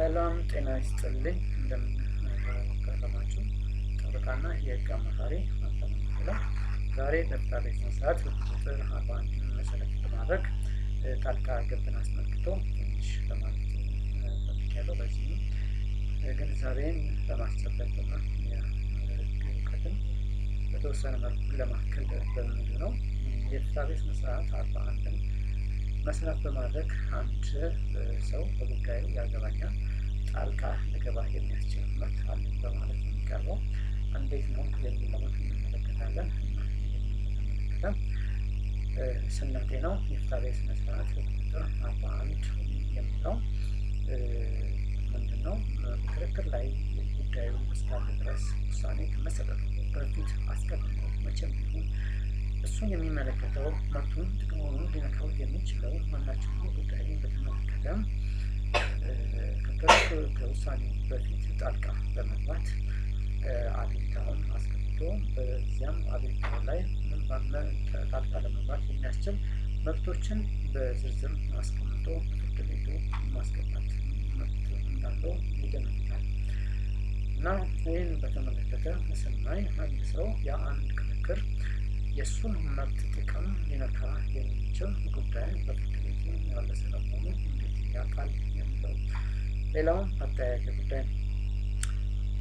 ሰላም ጤና ይስጥልኝ። እንደምንከረማችሁ ጠበቃና የህግ አማካሪ አተመላ ዛሬ በፍትሐ ብሔር ሥነ ቁጥር አርባ አንድን መሰረት በማድረግ ጣልቃ ገብን አስመልክቶ ትንሽ ለማለት ፈልጌያለሁ። በዚህም ግንዛቤን ና እውቀትን በተወሰነ መልኩ ለማከል በሚሉ ነው የፍትሐ ስነስርዓት ሥነ አርባ አንድን መሰረት በማድረግ አንድ ሰው በጉዳዩ ያገባኛል ጣልቃ ልገባ የሚያስችል መብት አለ በማለት የሚቀርበው። እንዴት ነው የሚለውን እንመለከታለን። እንመለከተም ነው የፍትሐብሔር ሥነ ሥርዓት ቁጥር አርባ አንድ የሚለው ምንድን ነው? ክርክር ላይ ጉዳዩ እስካለ ድረስ ውሳኔ ከመሰረቱ በፊት አስቀድሞ መቼም ቢሆን እሱን የሚመለከተው መብቱን ጥቅሙን ሊነካው የሚችለው ማናቸውም ጉዳይ በተመለከተም በተመለከተ ከውሳኔ በፊት ጣልቃ በመግባት አቤቱታውን አስገብቶ በዚያም አቤቱታው ላይ ጣልቃ ለመግባት የሚያስችል መብቶችን በዝርዝር አስቀምጦ ፍርድ ቤቱ ማስገባት መብት እንዳለው ይደነግጋል እና ይህን በተመለከተ ስናይ አንድ ሰው የአንድ ክርክር የእሱን መብት ጥቅም ሊነካ የሚችል ጉዳይ በፍርድ ቤት ያለ ስለመሆኑ እንዴት ያውቃል የሚለው ሌላው አጠያያቂ ጉዳይ ነው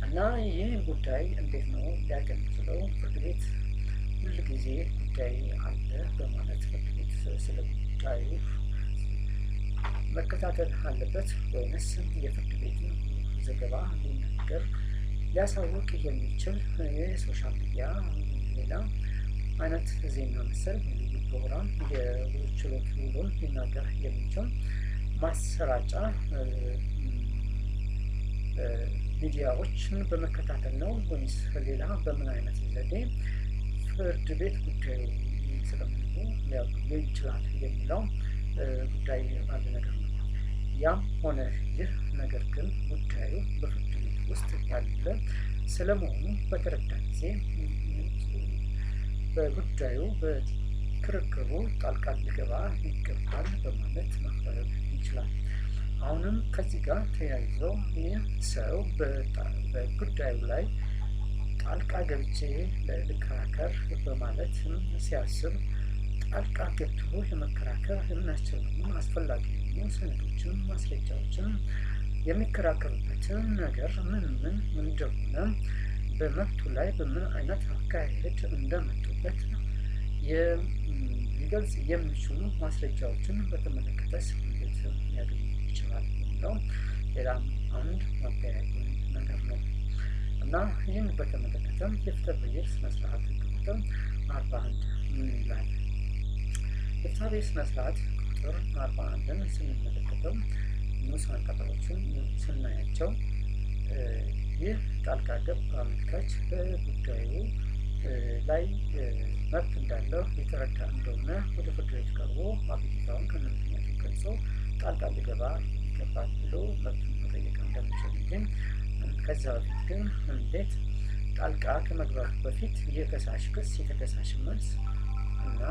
እና ይህ ጉዳይ እንዴት ነው ሊያገ የሚችለው? ፍርድ ቤት ሁል ጊዜ ጉዳይ አለ በማለት ፍርድ ቤት ስለ ጉዳዩ መከታተል አለበት ወይንስ የፍርድ ቤቱ ዘገባ ሊነገር ሊያሳውቅ የሚችል የሶሻል ሚዲያ ሌላ አይነት ዜና መሰል ልዩ ፕሮግራም የችሎት ውሎን ሊናገር የሚችል ማሰራጫ ሚዲያዎችን በመከታተል ነው ወይስ ሌላ በምን አይነት ዘዴ ፍርድ ቤት ጉዳዩ ስለምንሉ ሊያገኙ ይችላል የሚለው ጉዳይ አንድ ነገር ነው። ያም ሆነ ይህ ነገር ግን ጉዳዩ በፍርድ ቤት ውስጥ ያለ ስለመሆኑ በተረዳ ጊዜ በጉዳዩ በክርክሩ ጣልቃ ሊገባ ይገባል በማለት ማቅረብ ይችላል። አሁንም ከዚህ ጋር ተያይዞ ይህ ሰው በጉዳዩ ላይ ጣልቃ ገብቼ ለልከራከር በማለት ሲያስብ ጣልቃ ገብቶ የመከራከር የሚያስችለውን አስፈላጊ የሆኑ ሰነዶችን፣ ማስረጃዎችን የሚከራከሩበትን ነገር ምን ምን እንደሆነ በመብቱ ላይ በምን አይነት አካሄድ እንደመጡ ነው ሊገልጽ የሚችሉ ማስረጃዎችን በተመለከተስ እንዴት ሊያገኙ ይችላል የሚለው ሌላም አንድ ማጠያየቁን ነገር ነው እና ይህን በተመለከተም የፍትሐ ብሔር ስነስርዓት ህግ ቁጥር አርባ አንድ ምን ይላል? የፍትሐ ብሔር ስነስርዓት ቁጥር አርባ አንድን ስንመለከተው ንዑስ አንቀጾችን ስናያቸው ይህ ጣልቃ ገብ አመልካች በጉዳዩ ላይ መብት እንዳለው የተረዳ እንደሆነ ወደ ፍርድ ቤት ቀርቦ አቤቱታውን ከመምክንያቱ ገልጾ ጣልቃ ሊገባ ይገባል ብሎ መብቱን መጠየቅ እንደሚችል ግን ከዛ በፊት ግን እንዴት ጣልቃ ከመግባቱ በፊት የከሳሽ ክስ፣ የተከሳሽ መልስ እና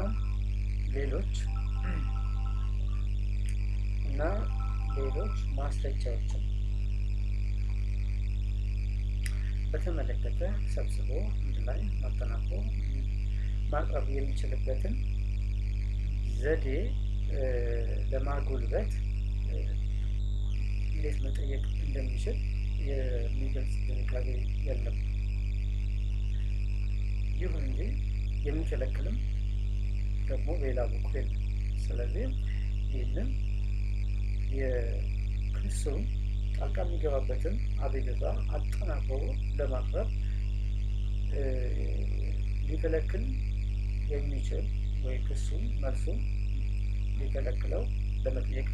ሌሎች እና ሌሎች ማስረጃዎችን በተመለከተ ሰብስቦ ላይ አጠናቆ ማቅረብ የሚችልበትን ዘዴ ለማጎልበት እንዴት መጠየቅ እንደሚችል የሚገልጽ ጥንቃቄ የለም። ይሁን እንጂ የሚከለክልም ደግሞ ሌላ በኩል የለም። ስለዚህ ይህንን የክሱም ጣልቃ የሚገባበትን አቤቱታ አጠናክሮ ለማቅረብ ሊከለክል የሚችል ወይ ክሱም መልሱም ሊከለክለው ለመጠየቅ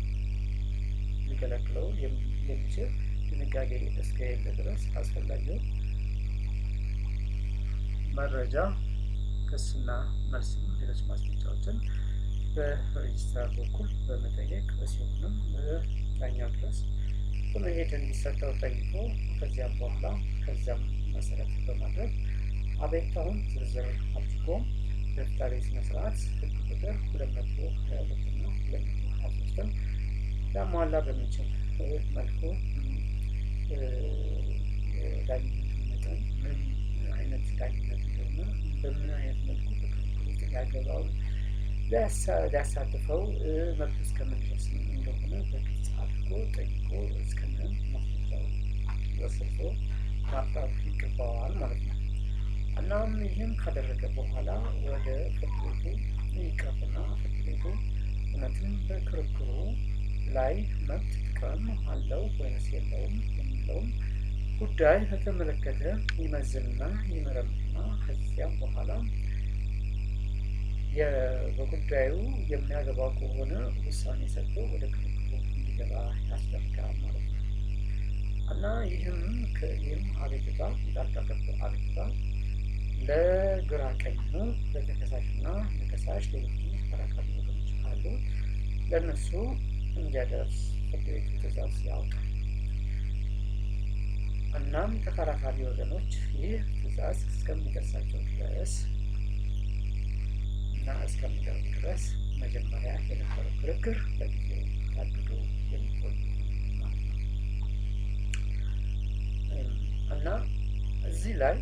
ሊከለክለው የሚችል ድንጋጌ እስከሌለ ድረስ አስፈላጊው መረጃ ክስና መልስ ሌሎች ማስረጃዎችን በሬጅስትራር በኩል በመጠየቅ ሲሆንም ዳኛው ድረስ በመሄድ እንዲሰጠው ጠይቆ ከዚያም በኋላ ከዚያም መሰረት በማድረግ አቤቱታውን ዝርዝር አድርጎ በፍትሐ ብሔር ሥነ ሥርዓት ቁጥር ሁለት መቶ ሀያ ሁለትና ሁለት መቶ ሀያ ሶስትን ለሟላ በሚችል መልኩ ዳኝነቱ መጠን ምን አይነት ዳኝነት እንደሆነ በምን አይነት መልኩ በክርክር ውስጥ ሊያገባው ሊያሳትፈው መብት እስከምንደርስ እንደሆነ በግልጽ አድርጎ ጠይቆ እስከምን ማስረጃው ወስዶ ማጣት ይገባዋል ማለት ነው። እናም ይህም ካደረገ በኋላ ወደ ፍርድ ቤቱ ይቀርብና ፍርድ ቤቱ እውነትም በክርክሩ ላይ መብት ጥቅም አለው ወይንስ የለውም የሚለውም ጉዳይ በተመለከተ ይመዝንና ይመረምርና ከዚያም በኋላ በጉዳዩ የሚያገባ ከሆነ ውሳኔ ሰጥቶ ወደ ክርክሩ እንዲገባ ያስደርጋል ማለት ነው እና ይህም ይህም አቤቱታ ጣልቃ ገብቶ አቤቱታ ለግራ ቀኙ ለተከሳሽና ለከሳሽ ሌሎች ተከራካሪ ወገኖች ካሉ ለእነሱ እንዲያደርስ ፍርድ ቤቱ ትእዛዝ ያውቃል። እናም ተከራካሪ ወገኖች ይህ ትእዛዝ እስከሚደርሳቸው ድረስ እና እስከሚደርሱ ድረስ መጀመሪያ የነበረው ክርክር ለጊዜው ታግዶ የሚቆዩ እና እዚህ ላይ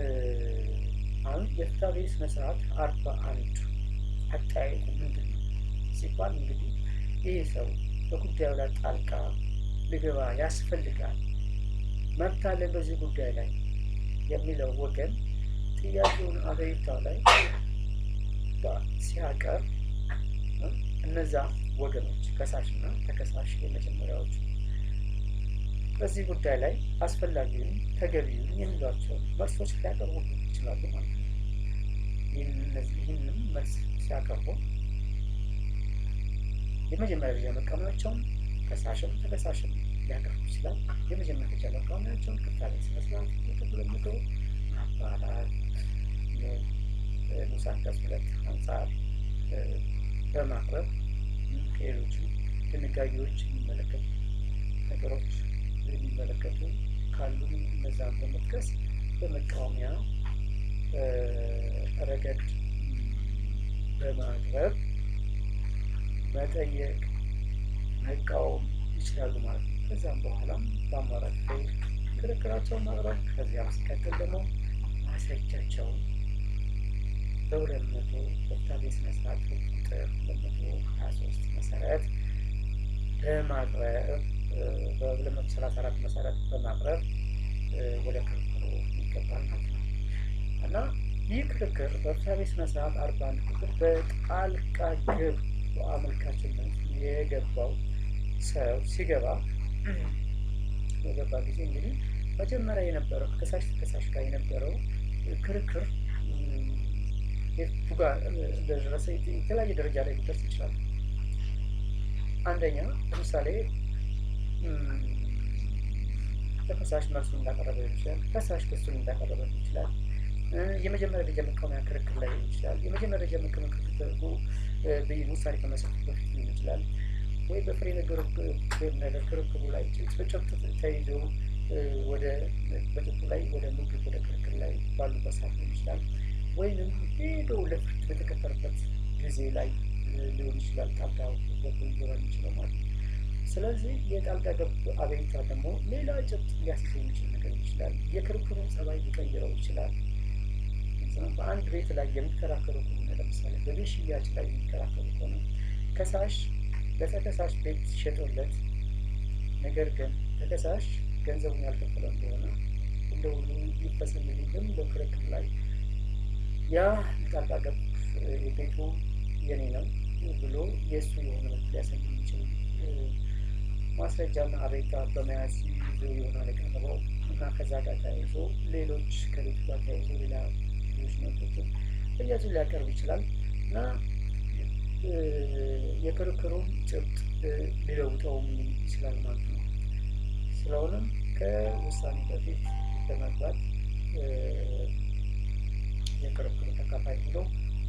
አሁን የፍትሐ ብሔር ስነ ስርዓት አርባ አንድ አጠያየቁ ምንድን ነው ሲባል እንግዲህ ይህ ሰው በጉዳዩ ላይ ጣልቃ ልገባ ያስፈልጋል፣ መብት አለ በዚህ ጉዳይ ላይ የሚለው ወገን ጥያቄውን አቤቱታው ላይ ሲያቀርብ እነዛ ወገኖች ከሳሽና ተከሳሽ የመጀመሪያዎቹ በዚህ ጉዳይ ላይ አስፈላጊውን ተገቢውን የሚሏቸውን መልሶች ሊያቀርቡ ይችላሉ ማለት ነው። ይህንም መልስ ሲያቀርቡ የመጀመሪያ ደረጃ መቃወሚያቸውን ከሳሽም ተከሳሽም ሊያቀርቡ ይችላል። የመጀመሪያ ደረጃ መቃወሚያቸውን ቅጣቤ ስነስርዓት የተለመደው አባላት ንዑስ አንቀጽ ሁለት አንጻር በማቅረብ ከሌሎችም ድንጋጌዎች የሚመለከት ነገሮች የሚመለከቱ ካሉ እነዛን በመጥቀስ በመቃወሚያ ረገድ በማቅረብ መጠየቅ፣ መቃወም ይችላሉ ማለት ነው። ከዚያም በኋላም በአማራጭ ላይ ክርክራቸውን ማቅረብ፣ ከዚያ ሲቀጥል ደግሞ ማስረጃቸውን በሁለት መቶ ወታቤ ስነስርዓት ቁጥር ሁለት መቶ ሀያ ሶስት መሰረት በማቅረብ በ234 መሰረት በማቅረብ ወደ ክርክሩ ይገባል ማለት ነው እና ይህ ክርክር በፍትሐ ቤት ስነ ስርዓት አርባ አንድ ቁጥር በጣልቃ ገብ በአመልካችን የገባው ሰው ሲገባ የገባ ጊዜ እንግዲህ መጀመሪያ የነበረው ከከሳሽ ተከሳሽ ጋር የነበረው ክርክር የቱ ጋር እንደደረሰ የተለያየ ደረጃ ላይ ሊደርስ ይችላል። አንደኛ ለምሳሌ ተከሳሽ መልሱን እንዳቀረበ ይችላል። ፈሳሽ ክሱን እንዳቀረበ ይችላል። የመጀመሪያ ደረጃ መቃወሚያ ክርክር ላይ ይችላል። የመጀመሪያ ደረጃ መቃወሚያ ክርክር ተደርጎ ብይን ውሳኔ ከመስጠቱ በፊት ሊሆን ይችላል ወይ በፍሬ ነገር ክርክሩ ላይ ጭብጥ ተይዞ ወደ በጭብጡ ላይ ወደ ሙግት ወደ ክርክር ላይ ባሉበት ሰዓት ሊሆን ይችላል። ወይንም ሄዶ ለፍርድ በተቀጠረበት ጊዜ ላይ ሊሆን ይችላል። ጣልቃ ሊሆን ይችላል ማለት ነው። ስለዚህ የጣልቃ ገብ አገሪቷ ደግሞ ሌላ ጭብጥ ሊያስይዝ የሚችል ነገር ይችላል። የክርክሩን ጸባይ ሊቀይረው ይችላል። በአንድ ቤት ላይ የሚከራከሩ ከሆነ ለምሳሌ በቤት ሽያጭ ላይ የሚከራከሩ ከሆነ ከሳሽ ለተከሳሽ ቤት ሸጦለት፣ ነገር ግን ተከሳሽ ገንዘቡን ያልከፈለ እንደሆነ እንደ ሁሉ ይፈጸምልኝ በሚለው ክርክር ላይ ያ ጣልቃ ገብ ቤቱ የኔ ነው ብሎ የእሱ የሆነ መፍትሄ የሚችል ማስረጃና አቤቱታ በመያዝ ይዞ የሆነ የቀረበው እና ከዛ ጋር ተያይዞ ሌሎች ከቤቱ ጋር ተያይዞ ሌላ ሌሎች መቶችን እያዙ ሊያቀርብ ይችላል እና የክርክሩን ጭብጥ ሊለውጠውም ይችላል ማለት ነው። ስለሆነም ከውሳኔ በፊት በመግባት የክርክሩ ተካፋይ ብሎ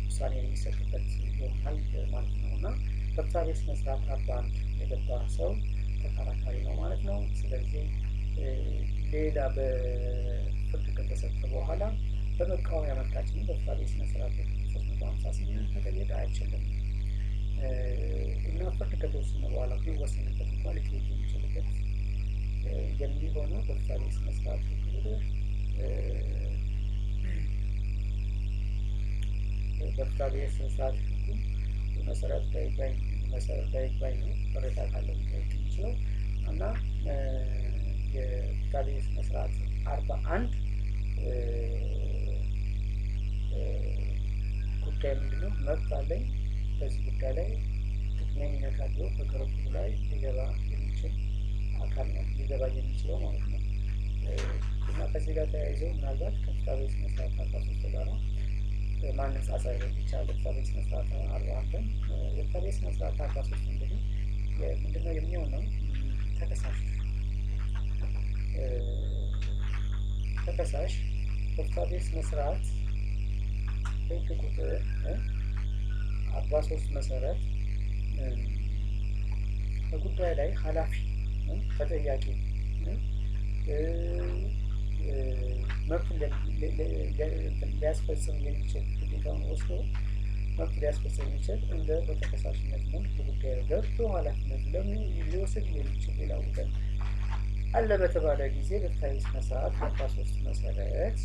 ውሳኔ የሚሰጥበት ይሆናል ማለት ነው እና በፍትሐ ብሔር ስነ ስርዓት አባል የገባ ሰው ተከራካሪ ነው ማለት ነው። ስለዚህ ሌላ በፍርድ ከተሰጠ በኋላ በመቃወሚያ መብታችን በፍርድ ቤት ስነስርዓት ሶስት መቶ ሀምሳ ስምንት መጠየቅ አይችልም እና ፍርድ ከተወሰነ በኋላ ቢወሰንበት እንኳን ሊትሄድ የሚችልበት የሚሆነው በፍርድ ቤት ስነስርዓት በፍርድ ቤት ስነስርዓት ህጉ መሰረት ላይ መሰረታዊ ጉባኤ ነው። ቅሬታ ካለ ሊጠይቅ ይችላል እና የፍቃድ ስነስርዓት አርባ አንድ ጉዳይ ምንድነው? መብት አለኝ በዚህ ጉዳይ ላይ ጥቅሜን አለው በከረቱ ላይ ሊገባ የሚችል አካል ነው ሊገባ የሚችለው ማለት ነው እና ከዚህ ጋር ተያይዘው ምናልባት ከፍቃድ ስነስርዓት አርባ ሶስት ጋራ ማነጻጸር ይቻላል። ኤርትራዊ ስነ ስርዓት አርባ አንድን ኤርትራዊ ስነ ስርዓት አርባ ሶስት እንግዲህ ምንድነው የሚሆነው ተከሳሽ ተከሳሽ ኤርትራዊ ስነ ስርዓት ህግ ቁጥር አርባ ሶስት መሰረት በጉዳይ ላይ ኃላፊ ተጠያቂ መብት ሊያስፈጽም የሚችል ግዴታውን ወስዶ መብት ሊያስፈጽም የሚችል እንደ በተከሳሽነት መልክ ጉዳዩ ገብቶ ኃላፊነት ለምን ሊወስድ የሚችል ሌላ ወገን አለ በተባለ ጊዜ በፍትሐዊ ስነ ስርዓት አርባ ሶስት መሰረት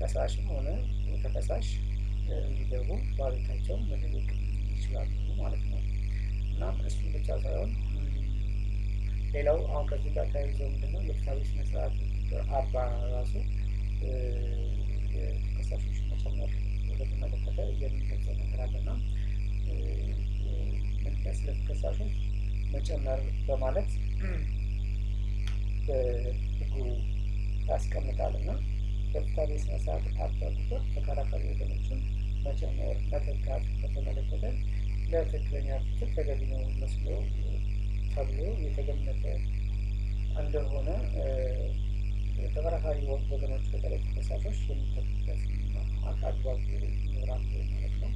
ከሳሽም ሆነ ተከሳሽ እንዲገቡ ባለቤታቸውን መጠየቅ ይችላሉ ማለት ነው። እና እሱም ብቻ ሳይሆን ሌላው አሁን ከዚህ ጋር ተያይዘው ምንድነው የፍትሐዊ ስነ ስርዓት አርባ ራሱ የፈሳሾች መጨመር በተመለከተ የሚገልጸው ነገር አለና መግቢያ ስለ ፈሳሾች መጨመር በማለት በህጉ ያስቀምጣል እና በፍትሐ ስነ ስርዓት አባ ቁጥር ተከራካሪ ወገኖችን መጨመር መተካት በተመለከተ ለትክክለኛ ፍትህ ተገቢ ነው መስሎ ተብሎ የተገመተ እንደሆነ ተከራካሪ ወገኖች የሚጠቅበት አካል ይኖራል ማለት ነው።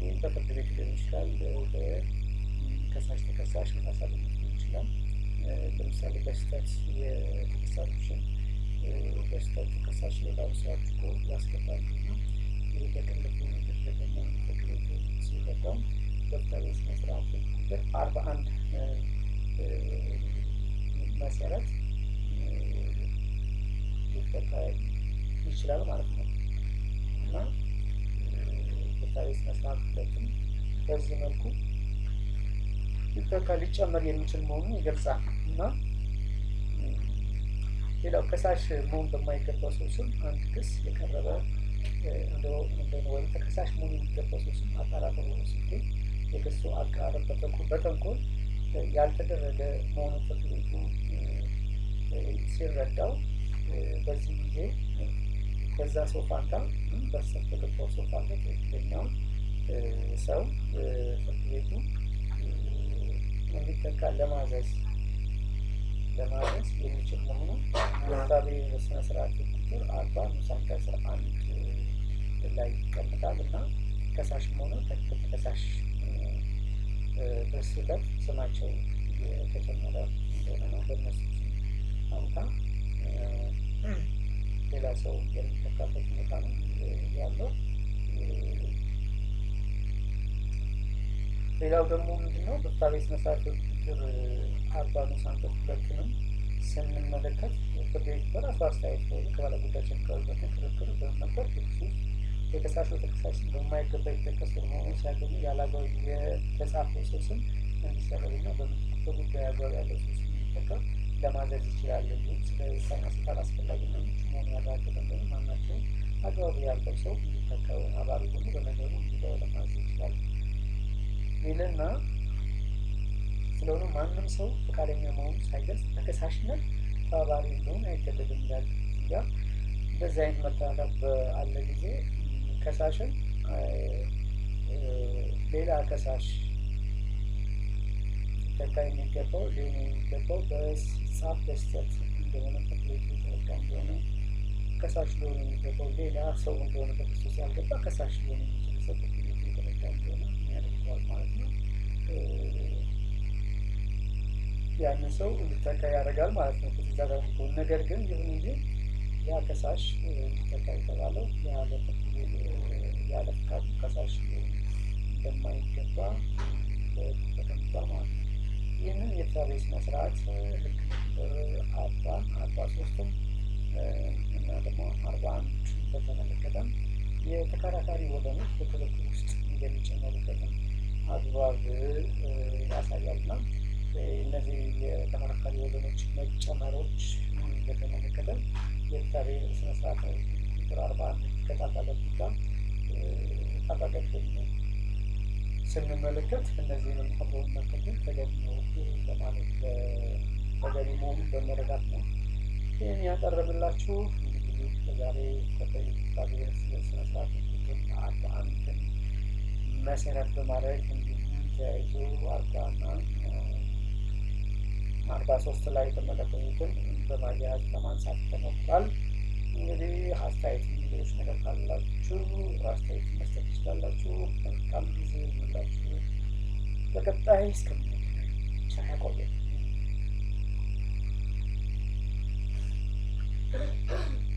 ይህም በፍርድ ቤት ሊሆን ይችላል፣ በከሳሽ ተከሳሽ መሳሳልነት ሊሆን ይችላል። ለምሳሌ በስህተት የተከሳሾችን በስህተት ተከሳሽ ሌላ ስራት እኮ ያስገባሉ እና ይህ በቅንብት የሚደረገና ፍርድ ቤቱ ሲበቃም በፍትሐ ስነ ስርዓት ቁጥር አርባ አንድ መሰረት ሊፈታ ይችላል ማለት ነው እና የታሪክ ስነስርዓት ሁለቱም በዚህ መልኩ ሊተካ ሊጨመር የሚችል መሆኑን ይገልጻል እና ሌላው ከሳሽ መሆን በማይገባው ሰው ስም አንድ ክስ የቀረበ ወይም ተከሳሽ መሆን የሚገባው ሰው ስም አጣራተ ሆኖ ሲገኝ የክሱ አቀራረብ በተንኮል ያልተደረገ መሆኑን ፍርድ ቤቱ ሲረዳው በዚህ ጊዜ ከዛ ሰው ፋንታ በእርሱ ተገባው ሰው ፋንታ ትክክለኛው ሰው ፍርድ ቤቱ እንዲተካ ለማዘዝ ለማዘዝ የሚችል መሆኑ የአቃቤ በስነ ስርዓት ቁጥር አርባ ንዑስ አንቀጽ አንድ ላይ ይቀምጣል እና ከሳሽም ሆነ ከሳሽ በስህተት ስማቸው የተጨመረ እንደሆነ ነው በነሱ አምታ ሌላ ሰው የሚተካበት ሁኔታ ነው ያለው። ሌላው ደግሞ ምንድነው በፓሪስ መሰረት ቁጥር አርባ ንዑስ አንቀጽ ስንመለከት ፍርድ ቤት በራሱ አስተያየት ከባለ ጉዳይ የሚቀርብበትን ክርክር በመመልከት ክሱ የተከሳሽ ተከሳሽን በማይገባ የተጠቀሰ መሆኑ ሲያገኙ ያላግባብ የተጻፈው ሰው ስም እንዲሰረዝና በጉዳይ አግባብ ያለው ሰው ስም እንዲጠቀም ለማድረግ ይችላል ስለ ስለዚህ ሳይሆስፒታል አስፈላጊ መሆን ያላቸው ደንበኝ ማናቸውም አግባቡ ያለው ሰው እንዲተካው አባሪ ሆኑ በነገሩ እንዲደውለ ማለት ይችላል ይልና ስለሆነ ማንም ሰው ፈቃደኛ መሆኑ ሳይገልጽ ተከሳሽነት ተባባሪ እንደሆን አይገደድም ይላል። እዚያ እንደዚህ አይነት መጠናቀፍ በአለ ጊዜ ከሳሽን ሌላ ከሳሽ ለካ የሚገባው ሊሆን የሚገባው በጻፍ በስተት እንደሆነ እንደሆነ ከሳሽ ሊሆን የሚገባው ሌላ ሰው እንደሆነ በክርስቶስ ያልገባ ከሳሽ ሊሆን የሚችል ሰው የተረዳ እንደሆነ ማለት ነው። ያንን ሰው እንዲተካ ያደርጋል ማለት ነው። ነገር ግን ይሁን እንጂ ያ ከሳሽ የተባለው ያለ ፍቃዱ ከሳሽ እንደማይገባ ተቀምጧል ማለት ነው። ይህንን የተሰሩ ስነ ስርዓት አርባ አርባ ሶስትም እና ደግሞ አርባ አንድ በተመለከተም የተከራካሪ ወገኖች በክርክር ውስጥ እንደሚጨመሩበትም አግባብ ያሳያል ና እነዚህ የተከራካሪ ወገኖች መጨመሮች በተመለከተ የእሳቤ ስነስርዓት ቁጥር አርባ አንድ ከጣልቃ ገብነት ጋር ጣልቃ ስንመለከት እነዚህንም አብረውን መከተል ተገቢ ነው ለማለት ተገቢ መሆኑን በመረዳት ነው ይህን ያቀረብላችሁ። እንግዲህ ከዛሬ በፖለቲካ ስነስርዓት ሕግና አርባ አንድን መሰረት በማድረግ እንዲሁም ተያይዞ አርባና አርባ ሶስት ላይ የተመለከቱትን በማያያዝ ለማንሳት ተሞክሯል። እንግዲህ አስተያየት ሌሎች ነገር ካላችሁ አስተያየት መስጠት ይችላላችሁ። መልካም ጊዜ ይሁንላችሁ። በቀጣይ እስከምንገናኝ ቸር